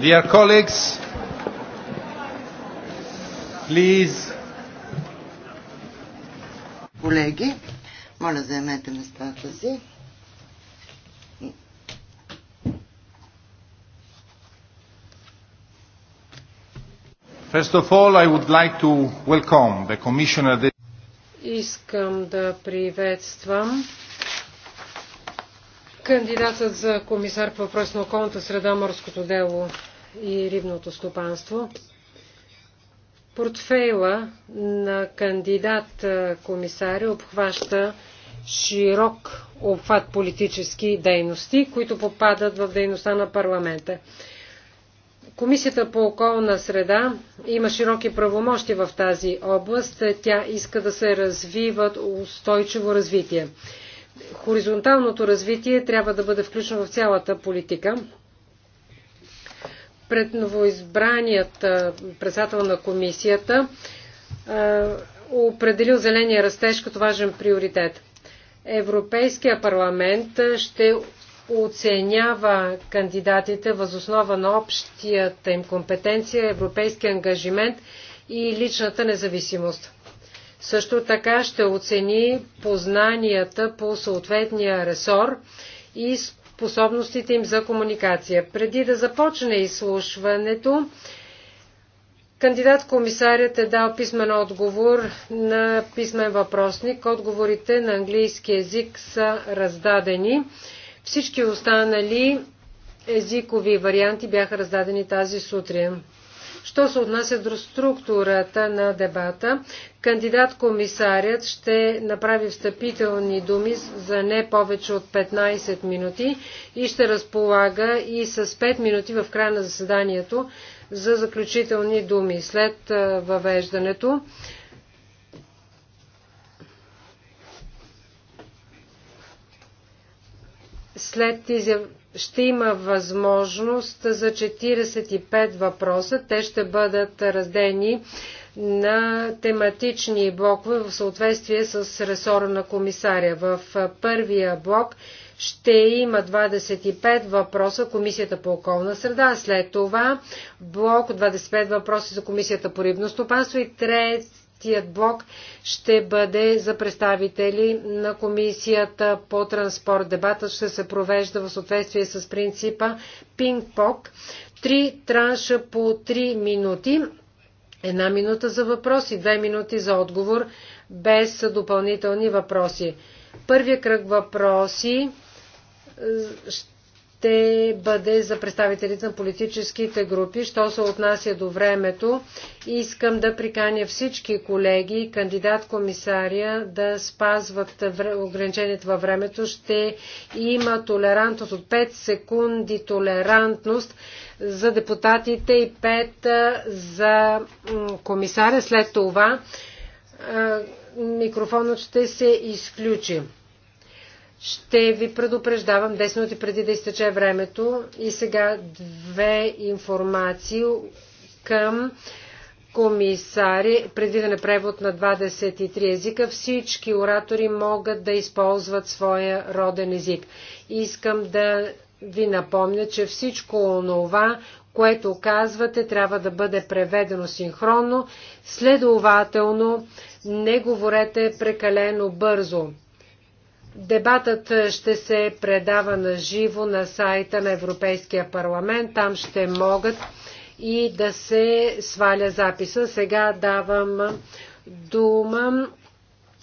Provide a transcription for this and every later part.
Dear colleagues, please. Колеги, моля заемете местата си. First of all, I would like to welcome the commissioner. That... Искам да приветствам кандидатът за комисар по въпрос на околната среда, морското дело и рибното стопанство. Портфейла на кандидат комисаря обхваща широк обхват политически дейности, които попадат в дейността на парламента. Комисията по околна среда има широки правомощи в тази област. Тя иска да се развиват устойчиво развитие. Хоризонталното развитие трябва да бъде включено в цялата политика пред новоизбраният председател на комисията определил зеления растеж като важен приоритет. Европейския парламент ще оценява кандидатите възоснова на общията им компетенция, европейски ангажимент и личната независимост. Също така ще оцени познанията по съответния ресор и способностите им за комуникация. Преди да започне изслушването, Кандидат комисарят е дал писмен отговор на писмен въпросник. Отговорите на английски език са раздадени. Всички останали езикови варианти бяха раздадени тази сутрин. Що се отнася до структурата на дебата, кандидат-комисарят ще направи встъпителни думи за не повече от 15 минути и ще разполага и с 5 минути в края на заседанието за заключителни думи. След въвеждането след изяв ще има възможност за 45 въпроса. Те ще бъдат раздени на тематични блокове в съответствие с ресора на комисаря. В първия блок ще има 25 въпроса Комисията по околна среда, след това блок 25 въпроса за Комисията по рибно стопанство и трет, Тият блок ще бъде за представители на комисията по транспорт. Дебатът ще се провежда в съответствие с принципа пинг-пок. Три транша по три минути. Една минута за въпрос и две минути за отговор, без допълнителни въпроси. Първия кръг въпроси е, ще бъде за представителите на политическите групи. Що се отнася до времето, искам да приканя всички колеги, кандидат-комисария, да спазват ограничението във времето. Ще има толерантност от 5 секунди толерантност за депутатите и 5 за комисаря. След това микрофонът ще се изключи. Ще ви предупреждавам 10 минути преди да изтече времето. И сега две информации към комисари. Предвиден е превод на 23 езика. Всички оратори могат да използват своя роден език. Искам да ви напомня, че всичко онова, което казвате, трябва да бъде преведено синхронно. Следователно, не говорете прекалено бързо. Дебатът е, ще се предава на живо на сайта на Европейския парламент. Там ще могат и да се сваля записа. Сега давам дума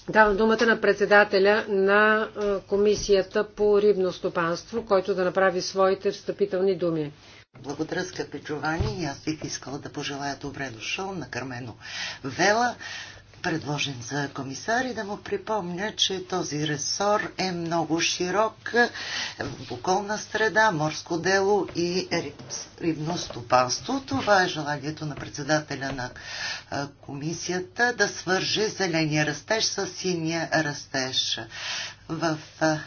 Давам думата на председателя на е, Комисията по рибно стопанство, който да направи своите встъпителни думи. Благодаря, скъпи Джовани, и аз бих искала да пожелая добре дошъл на Кармено Вела, предложен за комисар и да му припомня, че този ресор е много широк е, в околна среда, морско дело и рибно стопанство. Това е желанието на председателя на е, комисията да свържи зеления растеж с синия растеж. В е,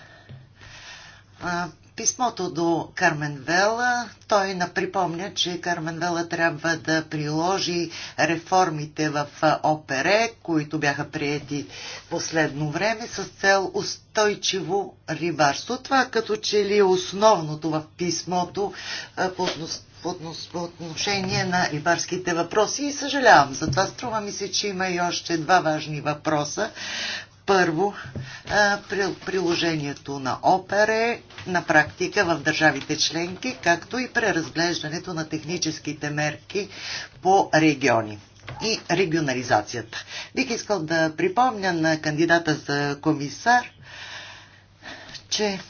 писмото до Кармен Вела, той наприпомня, че Кармен Вела трябва да приложи реформите в ОПРЕ, които бяха приети последно време с цел устойчиво рибарство. Това като че ли е основното в писмото по по отношение на рибарските въпроси и съжалявам за това. Струва ми се, че има и още два важни въпроса, първо, е, приложението на ОПЕРЕ на практика в държавите членки, както и преразглеждането на техническите мерки по региони и регионализацията. Бих искал да припомня на кандидата за комисар, че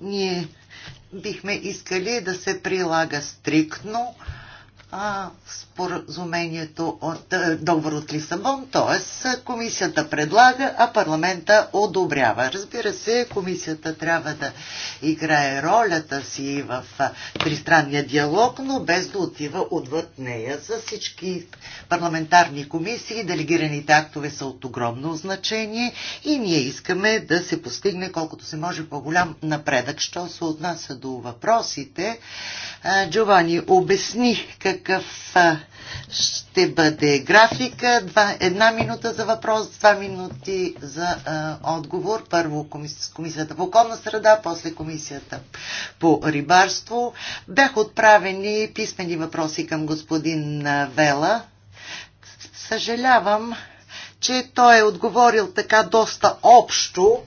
ние бихме искали да се прилага стриктно а, споразумението от е, договор от Лисабон, т.е. комисията предлага, а парламента одобрява. Разбира се, комисията трябва да играе ролята си в тристранния диалог, но без да отива отвъд нея. За всички парламентарни комисии делегираните актове са от огромно значение и ние искаме да се постигне колкото се може по-голям напредък. Що се отнася до въпросите, Джовани обясни как какъв ще бъде графика. Два, една минута за въпрос, два минути за а, отговор. Първо комисията, комисията по околна среда, после комисията по рибарство. Бях отправени писмени въпроси към господин Вела. Съжалявам, че той е отговорил така доста общо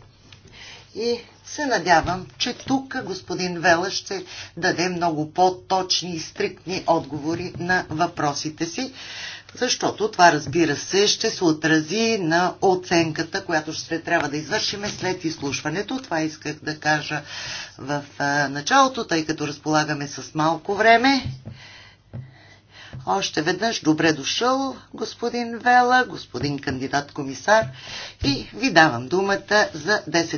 и се надявам, че тук господин Вела ще даде много по-точни и стриктни отговори на въпросите си, защото това, разбира се, ще се отрази на оценката, която ще трябва да извършиме след изслушването. Това исках да кажа в началото, тъй като разполагаме с малко време. Още веднъж добре дошъл, господин Вела, господин кандидат комисар и ви давам думата за 10